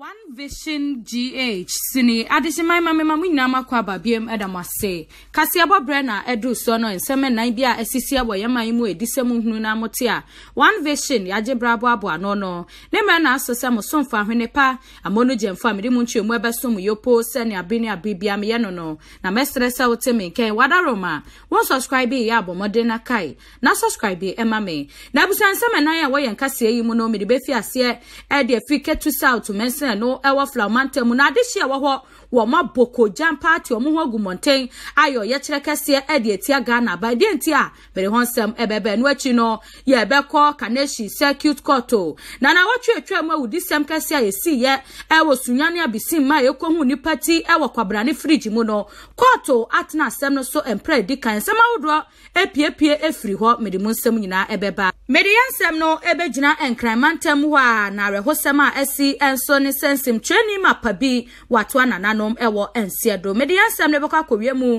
One Vision GH sini adehyemman ma mema mo nyinaa makɔ aba biam ɛda na ɛduru soɔ no nsɛm nnan bi a ɛsisi ɛwɔ yɛma yi mu a ɛdi sɛ mohunu na mote a One Vision yɛagye berɛ abo ano no ne mmerɛ na aso sɛ moso mfa hwene pa amono no gyɛ mfa mede mu ntwɛmu ɛbɛso mo yopo sɛne abe ne abe bia meyɛ no no na mɛserɛ sɛ wote me nkɛn wadarɔm a wɔn subscribe yɛ abɔmmɔden na kae na subscribe ɛma me na abusua nsɛm nnan a wɔyɛ nkaseɛ yi mu no mede bɛfi aseɛ ɛde afi ketu south mɛnsɛ no ɛwɔ flamantam na adehye ɛwɔ hɔ wɔn aboko jampa te wɔn ho agu mmɔnten ayɛ ɔyɛkyerɛ kɛseɛ ɛde etia ghana ba ɛde nti a mɛre hɔn nsɛm ɛbɛbɛ no akyi no yɛbɛkɔ kaneshi circuit court o na na wɔtwe atwa mu awudi sɛm kɛseɛ a yɛsi yɛ ɛwɔ sunyani abisi ma a yɛkɔhu nipa ti ɛwɔ kwabrane fridge mu no kɔɔto atena asɛm no so mpra edi kan nsɛm ahodoɔ epiepie efiri hɔ mɛde mu nsɛm nyinaa ɛbɛba mɛde yɛn nsɛm no ɛbɛgyina nkranmantam hɔ a na awerɛhosɛm a ɛsi ɛnso ne sɛnsɛm kyerɛni mapa bi watoa nuanom ɛwɔ nsia do mede yɛnsɛm ne bɛkɔ akɔwie mu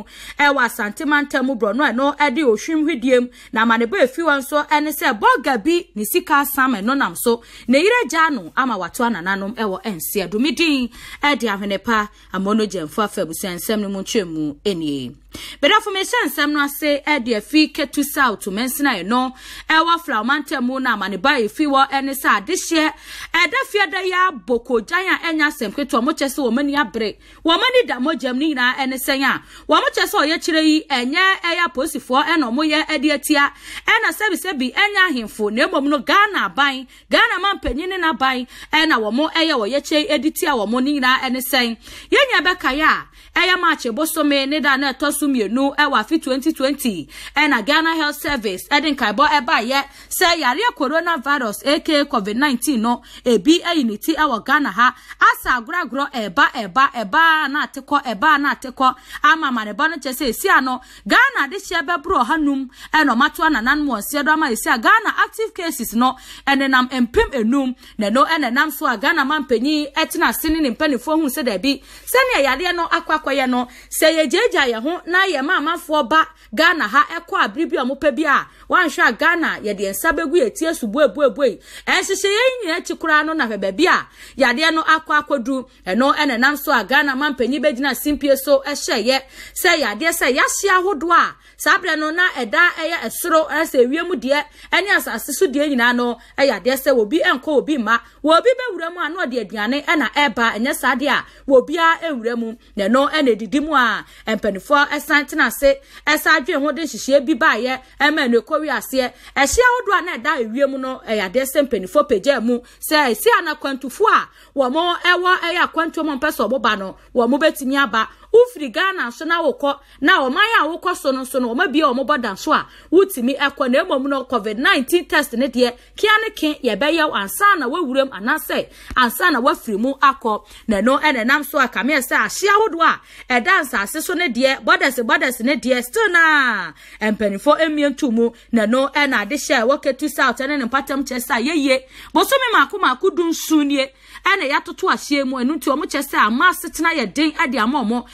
ɛwɔ asantemanta mu borɔ no ɛno ɛde ohwim hwidiem na amaneba efi wɔn nso ɛne sɛ bɔga bi ne sika asam ɛno nam so ne yere gya no ama wato anananom ɛwɔ nsia do medin ɛde ahwenepa amɔno gyɛmfo afa abusua nsɛm no mu ntwɛ mu ɛnie bɛdafo mehyɛ nsɛm no ase ɛde afi ketu south mɛnsena no ɛwɔ flamantam mu no amaneba ɛfi wɔ ɛne sɛ adehyeɛ ɛda fiada yi abokogyan a ɛnya asɛm ketewa mo kyɛ sɛ wɔn ani abere wɔn ani da mogyam ne nyinaa ɛne sɛn a enya kyɛ sɛ ɔyɛ kyerɛ yi ɛnyɛ ɛyɛ apolisifoɔ ɛna wɔn yɛ ɛde atia ɛna sɛbisɛbi ɛnyɛ ahemfo na mmom no ghana aban ghana man panyin ne n'aban ɛna wɔn ɛyɛ ya kyɛ ɛde tia wɔn ne nyinaa ɛne sɛn yɛn nyɛ bɛkaeɛ a ɛyɛ maakye bosome ne da na ɛtɔ so mmienu ɛwɔ afi 2020 ɛna ghana health service ɛde nkaebɔ ɛbaayɛ sɛ yareɛ coronavirus aka covid-19 no ebi ɛyi ne ti ɛwɔ ghana ha asa agoragorɔ ɛba ɛba ɛbaa na atekɔ ɛbaa na atekɔ ama amaneba no kyɛ sɛ esi ano ghana de hyɛ bɛboro ɔha num ɛna ɔmo ato ananan mu ɔsiɛ do ama esi a ghana active cases no ɛnenam mpem enum na ɛno ɛnenam so a ghana man panyin ɛtena ase ne ne mpanimfoɔ hu sɛ dɛbi sɛnea yareɛ no akɔ akɔyɛ no sɛ yɛgyagya yɛn ho na yɛ maamafoɔ amanfoɔ ba ghana ha ɛkɔ abiri bi a wɔpɛ bi a wɔanhwɛ a ghana yɛde nsa bɛgu yɛ tie so buebuebue ɛnhyehyɛ yɛn nyinaa akyi koraa no na hwɛ baabi a yadeɛ no akɔ akɔduru ɛno ɛna nam so a ghana ma mpanyin bɛgyina simpie so ɛhyɛ yɛ sɛ yadeɛ sɛ yɛahyɛ ahodoɔ a saa berɛ no na eda ɛyɛ ɛsoro ɛsɛ ewiem deɛ ɛne asase so deɛ nyinaa no ɛyɛ adeɛ se obi enko obi ma obi bɛwura mu a na ɔde ena eba ɛɛba ɛnyɛ saa deɛ a obiara ɛwura mu na ɛno ɛna edidi mu a mpanimfoɔ ɛsan tena ase ɛsan adwene ho de nhyehyɛ bi baayɛ ɛma ɛna ekɔwi aseɛ ɛhyɛ ahodoɔ a na eda ewiem no ɛyɛ adeɛ sɛ mpanimfoɔ pagya mu se esi anakwantufoɔ a wɔn ɛwɔ ewo akwantuo mu mpɛ sɛ ɔbɛba no wɔn bɛtumi aba wofiri ghana nso na wokɔ na ɔman a so no nso no ɔma bia ɔmo bɔda a wotumi ɛkɔ na no covid 19 test ne deɛ kia ne ke yɛbɛyɛ ansa na wawura mu anaasɛ ansa na wafiri mu akɔ na ɛno ɛna ɛnam so a sɛ a ɛda nsaase so ne deɛ bɔdɛs bɔdɛs ne deɛ still na mpanyinfoɔ emie mu na ɛno ɛna ade hyɛ south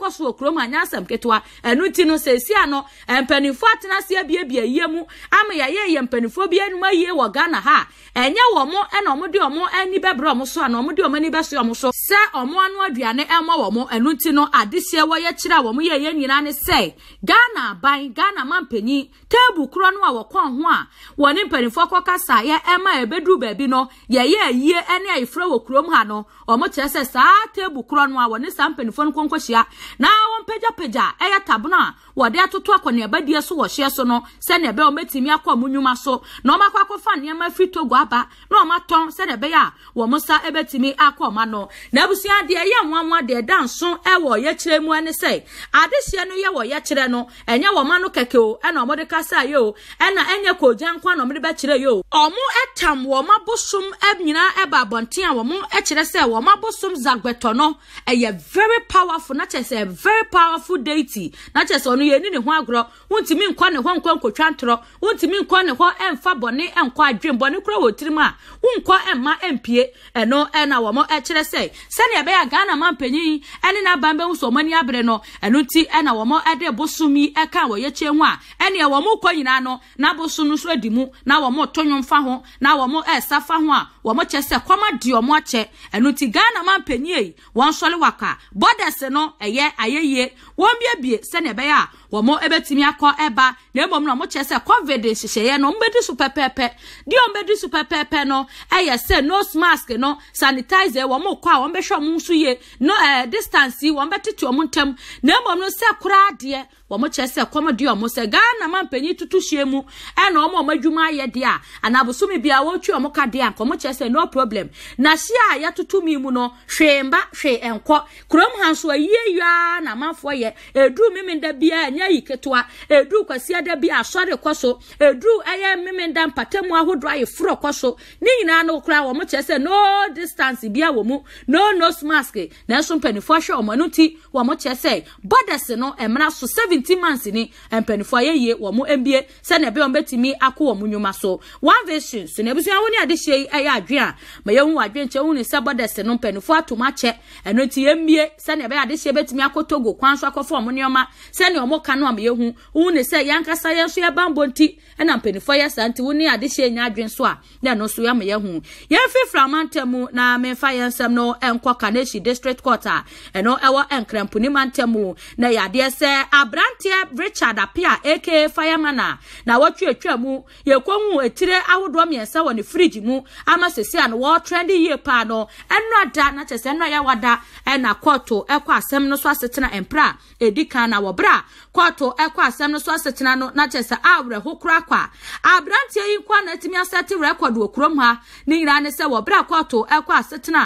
ɛkɔ so wɔ kurom anya asɛm ketewa ɛno ti no sɛsi ano mpanimfoɔ atenase abiebie yie mu ama yɛyɛ yɛ mpanimfoɔ bi anim ayie wɔ ghana ha ɛnyɛ wɔn mo ɛna wɔn de wɔn ani bɛbrɛ wɔn so ana wɔn de wɔn ani bɛso wɔn so sɛ wɔn ano aduane ɛma wɔn ɛno ti no adehyɛ wɔyɛ kyerɛ a wɔn yɛ yɛ nyinaa ne sɛ ghana aban ghana mampanyin teebu korɔ no a wɔkɔn ho a wɔne mpanimfoɔ kɔ kasa yɛ ɛma ɛbɛduru baabi no yɛyɛ ayie ɛne ayefrɛ wɔ kurom ha no wɔn kyerɛ sɛ saa teebu korɔ no a wɔne saa mpanimfoɔ no kɔnkɔhyia na wɔmpagyapagya ɛyɛ tabono a wɔde atoto akɔneabadiɛ so wɔ hyeɛ so no sɛnea ɛbɛyɛ wɔmɛtumi akɔ mo nnwuma so na ɔmakɔ akɔfa nneɛma firi togo aba na ɔmatɔn sɛnea ɛbɛyɛ a wɔn nsa ɛbɛtumi akɔ ɔma na abusua deɛ nwanwa deɛ ɛda nso ɛwɔ yɛkyerɛ mu ɛne sɛ adehyeɛ no yɛ wɔ yɛkyerɛ no ɛnyɛ wɔma no kɛkɛ o ɛna ɔmo de kasa o ɛna ɛnyɛ kogya nkwa na ɔmo de bɛkyerɛ o ɔmo ɛtam ɛba abɔnten a ɛkyerɛ sɛ no ɛyɛ a very powerful deity na kyerɛ sɛ ɔno yɛni ne ho agorɔ wontumi nkɔ ne hɔ nkɔ nkotwa ntorɔ wontumi nkɔ ne hɔ ɛmfa bɔne ɛnkɔ adwen bɔne korɔ wɔ tirim a wonkɔ ɛmma ɛmpie ɛno ɛna wɔn ɛkyerɛ sɛ sɛnea ɛbɛyɛ ghana man panyin ɛne n'aban bɛhu sɛ wɔn ani abere ɛde ɛka wɔ a kɔ nyinaa na wɔn na wɔn kyɛ sɛ kɔma di wɔn akyɛ ɛnu ti ghana man panyin yi wɔn sɔre waka borders no ɛyɛ ayɛyie wɔn biebie sɛnea ɛbɛyɛ a wɔn bɛtumi akɔ ɛba na mmom na wɔn kyerɛ sɛ covid nhyehyɛeɛ no wɔn bɛdi so pɛpɛɛpɛ deɛ wɔn bɛdi so pɛpɛɛpɛ no ɛyɛ e sɛ nose mask no sanitizer wɔn kɔ a wɔn bɛhwɛ wɔn nso yie no ɛɛ eh, distance wɔn bɛtete wɔn ntam na mmom no sɛ koraa deɛ wɔn kyerɛ sɛ kɔm deɛ wɔn sɛ ghana ma mpanyin tutu hyia mu ɛna wɔn wɔn adwuma ayɛ deɛ a anabosomi bi a wɔretwi wɔn ka deɛ a nkɔmɔ kyerɛ sɛ no problem na hyia a yɛtoto mi mu no hwee mba hwee nkɔ kurom ha nso ayie yia na amanfoɔ yɛ edu mimi da biara ɛnyɛ yi ketewa eduru kwasiɛ dɛ bi asɔre kɔ so eduru ɛyɛ mmemenda mpatamu ahodoɔ ayɛ foro kɔ so ne nyinaa no kora wɔn kyerɛ sɛ no distance bi a wɔ mu no nose mask nanso mpanimfoɔ hwɛ wɔn ano ti wɔn kyerɛ sɛ borders no ɛmena so seventeen months ni mpanimfoɔ ayɛ yie wɔn ebie sɛnea ɛbɛyɛ wɔn bɛtumi akɔ wɔn nnwuma so one vision so na ebusua wɔn ne adehyɛ yi ɛyɛ adwe a mɛyɛ wɔn adwe nkyɛn wɔn ne sɛ borders no mpanimfoɔ atoma kyɛ ɛno ti yɛ mmie sɛnea ɛbɛyɛ adehyɛ bɛtumi akɔ togo kwan so akɔfɔ wɔn nneɛma sɛnea wɔn aka no ama yɛhu wohu ne sɛ yɛankasa yɛn nso yɛbambɔ nti ɛna mpanifoɔ yɛ saa nti wo ne adehyɛ nya adwen so a na ɛno nso yɛama yɛhu yɛmfifiri amantam mu na memfa yɛn nsɛm no ɛnkɔ kaneshi district court a ɛno ɛwɔ nkramponi mantam mu na yɛadeɛ sɛ aberanteɛ richard apia aka fireman a na wɔtwetwa mu yɛkɔhu etire ahodoɔ mmiɛnsa wɔ ne fridge mu ama sese a no wɔɔtrɛnde yie paa no ɛnora da na kyɛ sɛ ɛnora yɛwada ɛna kɔɔto ɛkɔ asɛm no so asetena empra a ɛdi kan na wɔbrɛ a kɔɔto ɛkɔ asɛm no so asetena no na kyerɛ sɛ awerɛho kora kɔ a aberanteɛ yi nkɔ na atumi asɛte rɛkɔd wɔ kurom ha ne nyinaa ne sɛ wɔbrɛ kɔɔto ɛkɔ asetena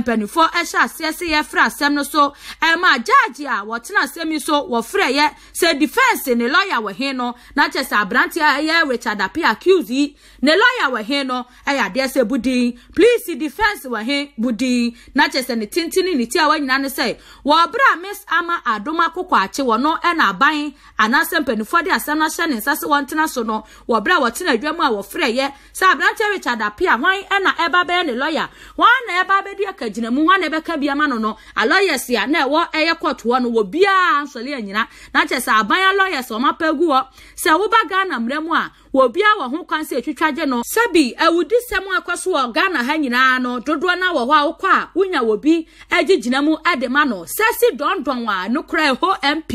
mpanimfoɔ ɛhyɛ aseɛ sɛ yɛfrɛ asɛm no so ɛma gyaagye a wɔtena asɛm yi so wɔfrɛ yɛ sɛ difɛnse ne lɔya wɔ he no na kyerɛ sɛ aberanteɛ ɛyɛ richard ape accuse yi ne lɔya wɔ he no ɛyɛ adeɛ sɛ budin please difɛnse wɔ he budin na sɛ ne tenten ne ti a wɔn nyinaa ne sɛ wɔbrɛ miss ama adom akokɔ akye wɔ no ɛna aban kwan anaasɛ mpanimfoɔ de asɛm no ahyɛ ne nsa sɛ wɔntena so no wɔ berɛ a wɔtena adwa mu a wɔfrɛ yɛ sɛ aberanteɛ richard ape a hwan ɛba bɛyɛ ne lɔya hwan na ɛba bɛdi akagyinamu hwan na ɛbɛka bi ama no no alɔyɛs a na ɛwɔ ɛyɛ kɔtoɔ no wɔ biara nsɔle anyina na kyerɛ sɛ aban alɔyɛs ɔmapa gu hɔ sɛ woba ghana mmerɛ mu a wobia obi a wɔ ho kwan sɛ etwitwa gye no sɛbi awudi sɛm akɔ so wɔ ghana ha nyinaa no dodoɔ na wɔ hɔ a wokɔ a wonya wɔ bi agye gyina mu de ma no sɛsi dɔndɔn a no kora ɛhɔ mp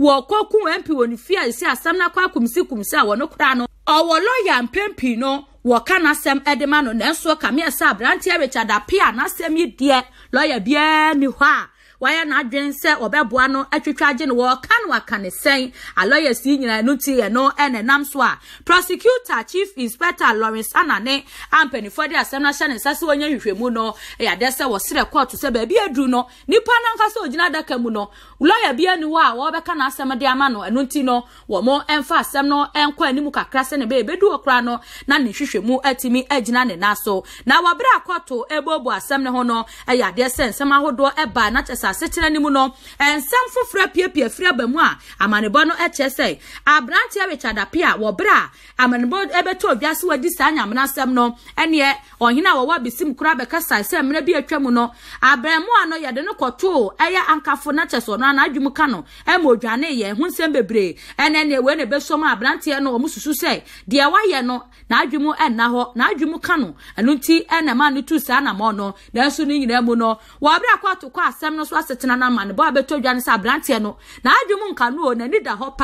wɔ kɔ mp wɔ ne fie a esi asɛm na kɔ akumsi kumsi a wɔ no kora no ɔwɔ lɔya mpempi no wɔka n'asɛm de ma no nanso kamea sɛ aberanteɛ richard apia n'asɛm yi deɛ lɔya biara ni hɔ a wayɛ n'adwene sɛ ɔbɛboa no atwitwa agye no wɔɔka no aka ne sɛn alɔyɛs yi nyinaa no ti yɛ no ɛna ɛnam so a prosecutor chief inspector lawrence anane ampeni de asɛm no ahyɛ ne nsa sɛ wɔnyɛ nhwehwɛmu no ɛyɛ adeɛ sɛ wɔserɛ kɔɔto sɛ baabi aduru no nipa no ankasa ogyina adaka mu no lɔya bi ani hɔ a wɔbɛka n'asɛm de ama no ɛno nti no wɔn mo ɛmfa asɛm no ɛnkɔ anim kakra sɛ ne bɛyɛ ebedu okura no na ne nhwehwɛmu atumi agyina ne nan so na wɔbrɛ akɔto ebobo asɛm ne ho no ɛyɛ adeɛ sɛ nsɛm ahodoɔ ɛbaa n'akyɛsɛ asetena no mu no nsɛm foforɔ apiepie afiri aba mu a amanebɔ no kyerɛ sei. aberanteɛ richard apia wɔ berɛ a amanebɔ bɛtɔ odwa so wadi saa nyamena asɛm no ɛneɛ ɔhene a wɔwɔ abesim koraa bɛkasae sɛ mmerɛ bi atwa mu no abrɛmoa no yɛde no kɔtoo ɛyɛ ankafo na kyɛ sɛ ɔno anaadwom ka no ɛma odwane yɛ ho nsɛm bebree ɛnɛ neɛ wei ne bɛsom aberanteɛ no ɔmo sei. sɛ deɛ wayɛ no n'adwom ɛnna hɔ n'adwom ka no ɛno nti ɛna ma no tu saa anamɔ no nanso ni nyinaa mu no wɔbrɛ akɔ atokɔ asɛm no so so asetena na man, ne bo abeto dwa sa sɛ no na adwom nka no o n'ani da hɔ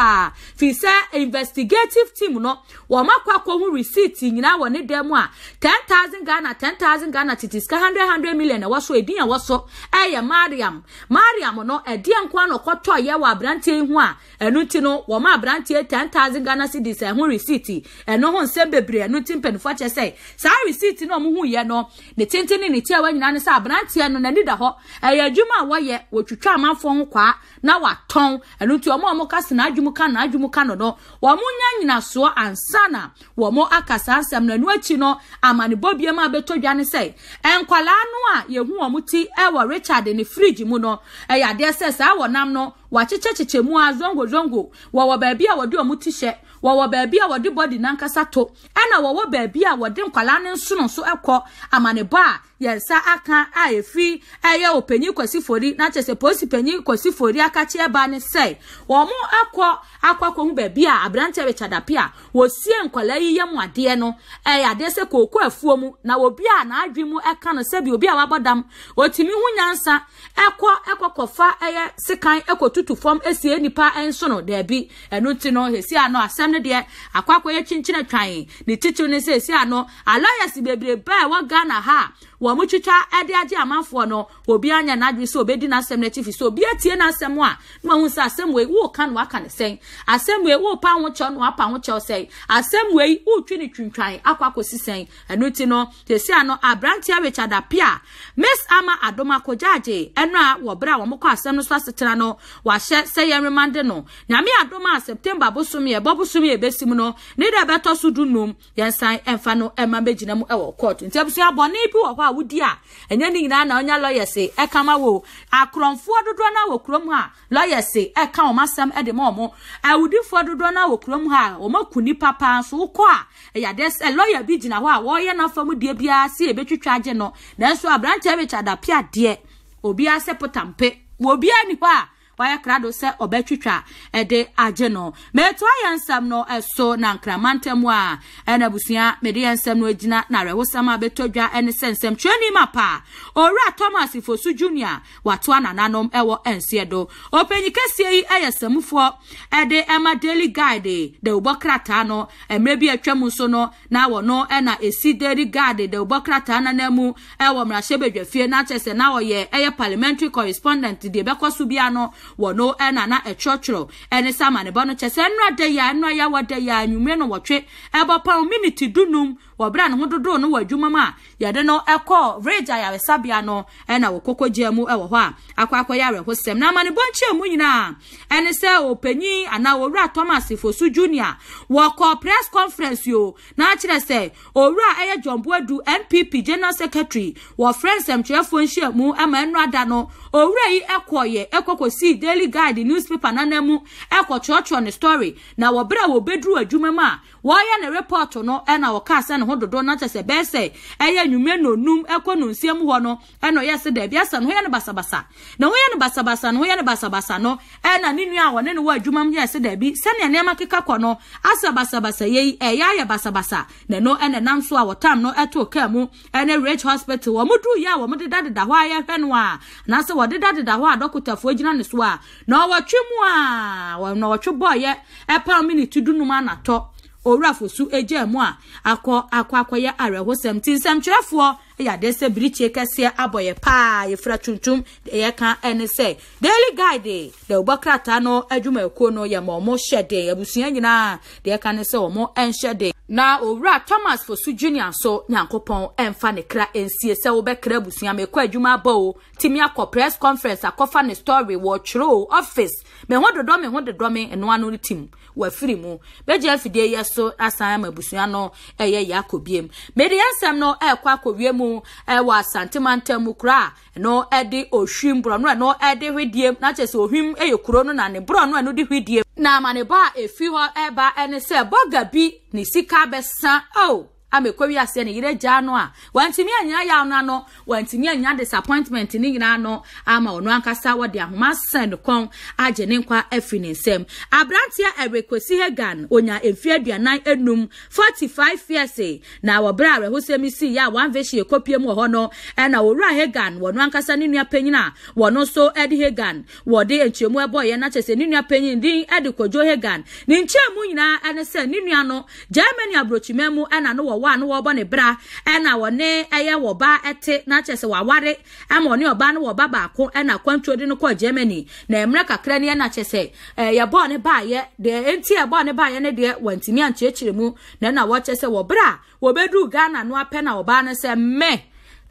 fi firi investigative team no wɔn akɔ akɔhu receipt nyinaa wɔ ne dan mu a ten thousand ghana ten thousand ghana titi sika hundred hundred million na so edin ya so ɛyɛ mariam mariam no ɛdeɛ nko ano kɔtɔ yɛ wa aberanteɛ yi ho a ɛnu ti no wɔn aberanteɛ ten thousand ghana cedis ɛho receipt ɛno ho nsɛm bebree ɛnu ti mpanyinfoɔ kyɛ sɛ saa receipt no a wɔn ho yɛ no ne tenten ne ne tia wɔn nyinaa ne sɛ aberanteɛ no n'ani da hɔ ɛyɛ adwuma a wɔyɛ ayɛ wɔtwitwa amanfoɔ ho kwaa na watɔn ɛno nti wɔn a wɔka si n'adwuma ka n'adwuma ka no no wɔn nya nyinasoɔ ansa na wɔn aka saa nsɛm na ɛno akyi no amanibɔ bia mu abɛtɔ dwa ne sɛ nkwalaa no a yɛhu wɔn ti ɛwɔ richard ne fridge mu no ɛyɛ adeɛ sɛ saa wɔnam no wɔakyekyɛkyekyɛ mu a zongo zongo wɔwɔ baabi a wɔde wɔn ti hyɛ wɔwɔ baabi a wɔde bɔdi nankasa to ɛna wɔwɔ baabi a wɔde nkwalaa ne nsono nso ɛkɔ amanibɔ a yesa aka aefi eye openyi kwesifori na cheseposi penyi kwesifori akachi ebe anyị sei ọmụ akọ akwakwombe bia abrante bechadapia wosie nkwale mu mwadeɛ no ɛyɛ ade sɛ koko afuo mu na obi a n'adwi mu ɛka no bi obi a wabɔ dam otumi ho nyansa ɛkɔ ɛkɔkɔfa ɛyɛ sikan ɛkɔtutu fam esie nipa ɛnso no dɛbi ɛnu ti no esi ano asɛm no deɛ akɔ akɔ yɛ kyinkyin atwan ne titiri ne sɛ esi ano alayasi bebree bɛɛ wɔ ghana ha. wɔn mo twitwa de agye amanfoɔ no obi anya n'adwene sɛ obedi n'asɛm n'akyi fi so obi atie n'asɛm a na wɔn sɛ asɛm wei wɔɔka no waka ne sɛn asɛm wei wɔɔpa ho kyɛw no wapa ho kyɛw sɛn asɛm wei wɔɔtwi ne twintwan akɔ akɔsi sɛn ɛno ti no tesi ano aberanteɛ richard apia miss ama adoma kogyaagye ɛno a wɔbrɛ a wɔn kɔ asɛm no so asetena no wahyɛ sɛ yɛn remande no nyame adoma a september bosom yɛ bɔ bosom yɛ ebesi no ne deɛ ɛbɛtɔ so dunum yɛn san ɛnfa no ɛma bɛgyina mu ɛwɔ court nti abusua abɔne bi wɔ hɔ a wodi a ɛnyɛ ne nyinaa na ɔnya lawyer se "Eka ma wo akorɔmfoɔ dodoɔ no a wɔ kurom Lawyer lɔya "Eka ɛka wɔn e de mo." wɔn awudifoɔ dodoɔ no a wɔ kurom ha wɔn kuni papa paa nso wokɔ a ɛyɛ adeɛ sɛ lɔya bi gyina hɔ a na famu die biara si ebetwitwa agye no nanso aberanteɛ bi kyɛ adapia deɛ obiara sɛ potampe wɔ obiara ni hɔ a wayɛ krado sɛ ɔbɛtwitwa ɛde agye no mɛtoa yɛ nsɛm no ɛso na nkrama ntam a ɛna abusua mede yɛ nsɛm no agyina na awerɛhosɛm a bɛtɔ dwa ɛne sɛ nsɛm twerɛni ma paa owura thomas fosu junior watoa nananom ɛwɔ ɛnseɛ do ɔpanyi kɛseɛ yi ɛyɛ sɛmufoɔ ɛde ɛma daily guide dawubɔ eh, krataa no mmerɛ bi atwam nso no na wɔno ɛna ɛsi daily guide dawubɔ krataa nanan mu ɛwɔ mmarahyɛbadwafie na kyerɛ sɛ na wɔyɛ ɛyɛ parliamentary correspondent deɛ ɛbɛkɔ so bia no wɔno ɛna na ɛtwerɛtwerɛ ɛne sɛ amanebɔ no kyɛ sɛ nnora da yɛ nnora yɛ wɔ da yɛ anwummerɛ no wɔtwe ɛbɔ pɔn miniti dunum wɔ berɛ ne ho dodoɔ no wɔ adwuma mu a yɛde no ɛkɔɔ rage ayaresabea no ɛna wɔ kokogyaa mu ɛwɔ hɔ a akɔ akɔyɛ awerɛhosɛm na amanebɔnkyeɛ mu nyinaa ɛne sɛ ɔpanyin anaa owura thomas fosu junior wɔkɔ press conference yo na akyerɛ sɛ owura ɛyɛ john boadu npp general secretary wɔfrɛ nsɛmtwerɛfoɔ nhyia mu ɛma ɛno ada no owura yi ɛkɔɔyɛ ɛkɔkɔsii daily guide newspaper nanan mu ɛkɔtwerɛtwerɛ ne story na wɔ berɛ a wɔbɛduru adwuma mu a wɔyɛ ne report no ɛna wɔkaa sɛ ne ho dodoɔ na kyɛ sɛ bɛɛ sɛ ɛyɛ nnwuma na onum ɛkɔ no nsiam hɔ no ɛna ɔyɛ sɛ daabi asa ne ho yɛ no basabasa na ho yɛ no basabasa ne ho yɛ no basabasa no ɛna ne nua a wɔne ne wɔ adwuma mu yɛ sɛ daabi sɛnea nneɛma keka kɔ no asa basabasa yɛ ɛyɛ ayɛ basabasa na no ɛna nam so a wɔtam no ɛto kaa mu ɛne rich hospital wɔn duu yɛ a wɔn dedadeda hɔ a yɛhwɛ no a anaasɛ wɔdedadeda hɔ a dɔkotafoɔ gyina ne so a na ɔwɔtwe mu a na ɔwɔtwe bɔɔyɛ ɛpam miniti dunum anatɔ owurafosu egye mu a akɔ akɔ akɔyɛ awerɛhosɛm ti nsɛmtwerɛfoɔ ɛyɛ adeɛ sɛ birikyie kɛseɛ abɔ yɛ paa yɛfira tuntum deɛ yɛka ɛne sɛ daily guide deɛ ɔbɔ krataa no adwumakuo no yɛ ma ɔmo hyɛ den abusua nyinaa deɛ yɛka ne sɛ ɔmo ɛnhyɛ den na owura thomas fosu junior nso nyankopɔn ɛmfa ne kra nsie sɛ wobɛkra abusua mekɔ adwuma abɔ o timi akɔ press conference akɔfa ne story wɔ twerɛ office me dodɔ me dodɔ me ɛnoa no tim wafiri mu bɛgye afidie yɛ so asan ama abusua no ɛyɛ yɛ akɔ biem mede yɛnsɛm no ɛɛkɔ e akɔwie mu mu ɛwɔ asantemantam kura a ɛno ɛde ohwim borɔno ɛno ɛde hwidie na kyerɛ sɛ ohwim ɛyɛ kuro no na ne borɔno ɛno de hwidie na amaneba a efi hɔ ɛba ɛne sɛ bɔga bi ne sika bɛsa o. amekɔwi aseɛ ne yere gyaa no a wantumi anyina yaw no ano wantumi anyina disappointment ne nyinaa no ama ɔno ankasa wɔde ahoma sɛn ne kɔn agye ne nkwa afiri ne nsam aberanteɛ ɛrekosi hagan onya mfe aduanan enum forty five years e, na wɔbrɛ awɛhosɛm si yɛ a wɔn avɛhyɛ ekopie mu wɔ hɔ no ɛna owura hagan wɔn ankasa ne nua panyin a wɔn nso ɛde hagan wɔde nkyɛnmu ɛbɔ yɛn na kyɛ sɛ ne nua panyin din ɛde kɔdwo hagan ne nkyɛnmu nyinaa ɛne sɛ ne nua no germany aburokyi mɛmu no wa no wɔbɔ ne bra ɛna wɔne ɛyɛ wɔba ɛte n'akyɛ sɛ waware ɛma ɔne ɔba no wɔba baako ɛna kwantuo de no kɔ germany na mmerɛ kakra ne ɛna kyɛ sɛ ɛɛ eh, yɛbɔɔ ne baayɛ deɛ enti yɛbɔɔ ne baayɛ ne deɛ wɔntumi ankyerɛkyerɛ mu na ɛna wɔkyɛ sɛ bra a wɔbɛduru ghana no apɛ na ɔbaa no sɛ mmɛ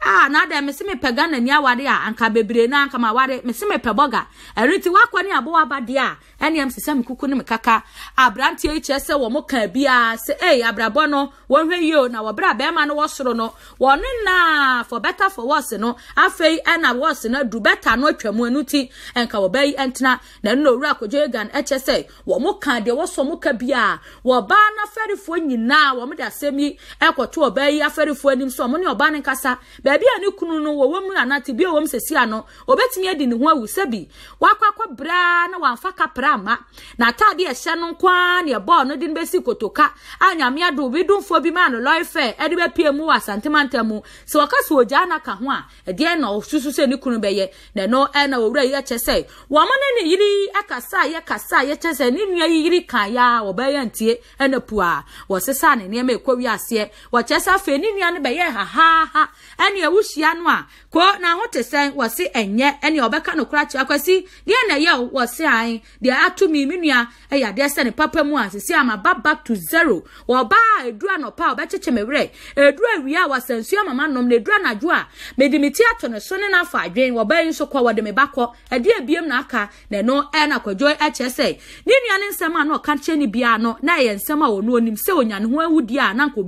Ah, na dɛ mesi mepɛ ghana ni awade a anka bebre na anka ma awade mesi mepɛ bɔga ɛno nti wakɔ ne aboa abadeɛ a ɛne ɛm sisɛ me kuku ne me kaka aberanteɛ yi kyerɛ sɛ e, wɔn mo kan biara sɛ ee abrabɔ no wɔnhwɛ yie o na wɔbrɛ bɛrima no wɔ soro no wɔn na for better for worse no afei ena worse no du better no atwa mu ɛnu ti ɛnka wɔbɛ yi ɛntena na ɛnu na owura akɔdwo egan ɛkyɛ sɛ e, wɔn mo kan deɛ wɔsɔ mo ka biara wɔbaa n'afɛrifoɔ nyinaa wɔn de asɛm yi ɛkɔto ɔbaa yi afɛrifoɔ anim so wɔn ne ɔbaa ne nkasa baabi a ne kunu no wɔ wɔm nanate bi a wɔm sɛsi ano obetumi adi ne ho awu sɛbi wakɔ akɔ braa na wamfa kapra ama na ataade ɛhyɛ no nkoa ne ɛbɔɔ no de no bɛsi kotoka a nyame ado obi domfoɔ bi maa no lɔre fɛ ɛde bɛpie mu wɔ asantemanta mu sɛ wɔka sɛ ogyaa no ho a ɛdeɛ na ɔsusu sɛ ne kunu bɛyɛ na ɛno ɛna owura yi ɛkyɛ sɛ wɔn ne ne yiri ɛkasa yɛkasa yɛkyɛ sɛ ne nua yi yiri kan ya wɔbɛyɛ ntie ɛna pua wɔsesa ne nneɛma ekɔ wi aseɛ wɔkyɛ sɛ afei ne nua no bɛyɛ hahaha ɛna ɛne ɛwo hyia no a ko na ho te sɛn wɔse ɛnyɛ ɛne ɔbɛka no kora kyerɛ akwasi deɛ na ɛyɛ wɔse an deɛ ato mi me nua ɛyɛ adeɛ sɛ ne papa mu a sisi ama ba back to zero wɔbaa edua nɔpa a ɔbɛkyekyɛ me werɛ edura awia a wɔsɛnsua mama nom na edura anadwo a mede me ti ato ne so ne n'afa adwen wɔbaa yi nso kɔ wɔde me ba kɔ ɛdeɛ ebiem na aka na ɛno ɛna kwadwo ɛkyɛ sɛ ne nua ne nsɛm a na ɔka kyerɛ ne bia no na ɛyɛ nsɛm a wɔn onim sɛ onya ne ho awudie a na nkɔ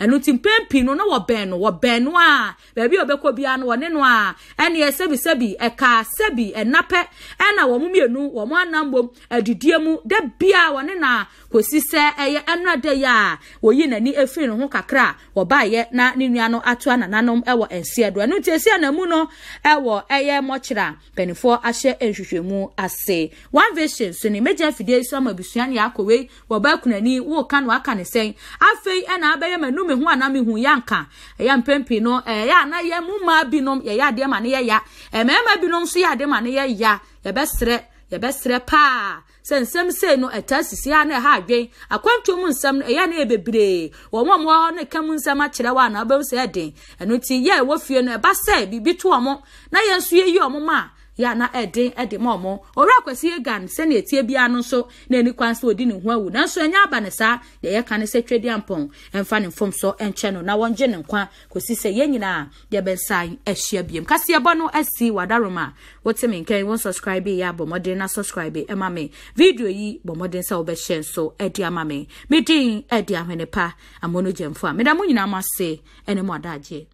ɛno ti mpɛn no na wɔbɛn no wɔbɛn no a baabi a ɔbɛkɔ biara no wɔne no a ɛne ɛsɛbisɛbi ɛkaa sɛbi ɛnapɛ ɛna wɔn mmienu wɔn anambom adidie mu da biara wɔne na kɔsi sɛ ɛyɛ ɛnura dɛ yɛ a wɔyi n'ani efiri ne ho kakra wɔbaayɛ na ne nua no ato anananom ɛwɔ nsia do ɛno tie sia na mu no ɛwɔ ɛyɛ mɔkyerɛ mpanimfoɔ ahyɛ nhwehwɛmu ase one vision so ne mmegya afidie so ama abusua ne akɔwe wɔbaa kunani wɔɔka no aka ne sɛn afei ɛna abɛyɛ mɛnum ho anam ihu yanka ɛyɛ mpɛmpɛ no ɛyɛ yɛyɛ anayɛ mu mmaa binom yɛyɛ adeɛ ma ne yɛya mmarima binom nso yɛ adeɛ ma ne yɛya yɛbɛsrɛ yɛbɛsrɛ paa sɛ nsɛm sei no ɛtaa sisi a na ɛha adwen akwantuo mu nsɛm no ɛyɛ ne yɛ bebree wɔn a wɔwɔ ne ka mu nsɛm akyerɛ wɔn na wɔbɛn sɛ ɛden ɛno nti yɛ ɛwɔ fie no ɛba sɛ biribi to wɔn na yɛn nso yɛyi wɔn ma a ya na ɛden ɛde ma ɔmo owura kwesi egan na etie biara no nso na ani kwan so odi ne ho awu nanso ɛnyɛ aba saa deɛ yɛka ne sɛ twedi ampɔn ɛmfa ne mfom so ɛnkyɛ no na wɔn gye ne nkwa kwesi sɛ yɛn nyinaa deɛ bɛnsan ɛhyia biem kaseɛbɔ no ɛsi wadaroma wɔte mi nkɛn wɔn subscribe yɛ abɔ mmɔden na subscribe ịma mi vidio yi bɔ mmɔden sɛ ehyia nso ɛde ama mi mi din ɛde ahwene pa amono gyɛmfo a meda mo nyinaa mo ase ɛne mo adagye.